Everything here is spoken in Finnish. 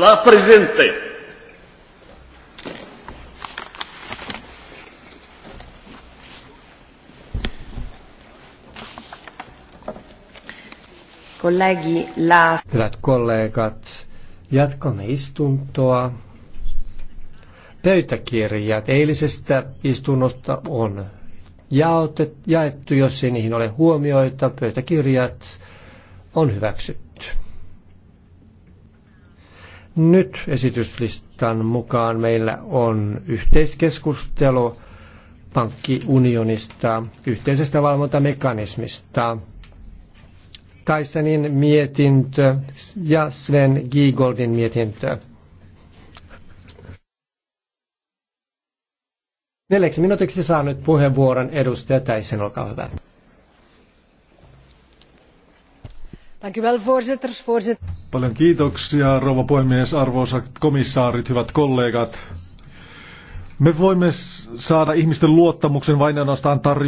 la Presidente. Kollegi, la... Hyvät kollegat, jatkamme istuntoa. Pöytäkirjat eilisestä istunnosta on jaotet, jaettu, jos ei niihin ole huomioita. Pöytäkirjat on hyväksytty. Nyt esityslistan mukaan meillä on yhteiskeskustelu pankkiunionista, yhteisestä valvontamekanismista. Taisenin mietintö ja Sven Giegoldin mietintö. Neljäksi minuutiksi saa nyt puheenvuoron edustaja Täisen, olkaa hyvä. Dank u voorzitter. voorzitter. Paljon kiitoksia, rouva puhemies, arvoisat komissaarit, hyvät kollegat. Me voimme saada ihmisten luottamuksen vain ainoastaan tarjoamaan